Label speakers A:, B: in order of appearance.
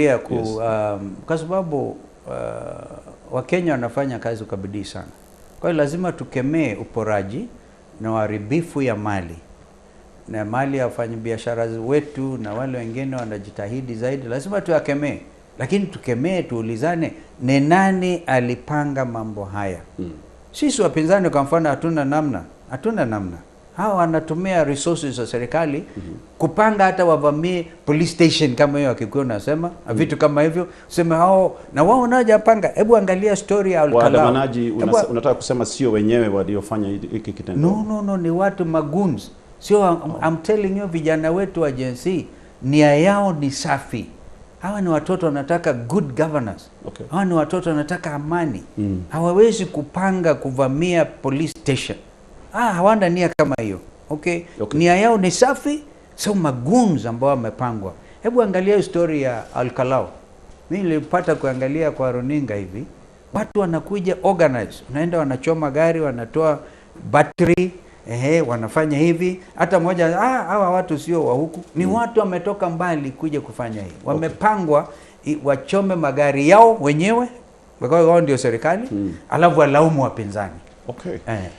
A: Pia ku, yes. Um, kwa sababu uh, Wakenya wanafanya kazi kwa bidii sana, kwa hiyo lazima tukemee uporaji na uharibifu ya mali na mali ya wafanyabiashara wetu na wale wengine wanajitahidi zaidi, lazima tuyakemee, lakini tukemee, tuulizane ni nani alipanga mambo haya. mm. Sisi wapinzani kwa mfano hatuna namna, hatuna namna hawa wanatumia resources za serikali mm -hmm. kupanga hata wavamie police station kama hiyo akikuwa nasema mm -hmm. vitu kama hivyo sema hao na wao wanaojapanga. Hebu angalia story ya
B: waandamanaji. Unataka kusema sio wenyewe waliofanya hiki kitendo?
A: No, no, no, ni watu maguns, sio oh. I'm telling you, vijana wetu wa jinsi nia yao ni safi. Hawa ni watoto wanataka good governance. Okay. Hawa ni watoto wanataka amani mm. hawawezi kupanga kuvamia police station ah, hawana nia kama hiyo okay. okay. Nia yao ni safi, sio magunzi ambao wamepangwa. Hebu angalia historia ya alkalau mi nilipata kuangalia kwa runinga hivi, watu wanakuja organize, unaenda wanachoma gari, wanatoa battery Ehe, wanafanya hivi. Hata mmoja ah, hawa watu sio wa huku ni mm. watu wametoka mbali kuja kufanya hivi, wamepangwa okay. wachome magari yao wenyewe, wao ndio serikali mm. alafu walaumu wapinzani
B: okay. Eh.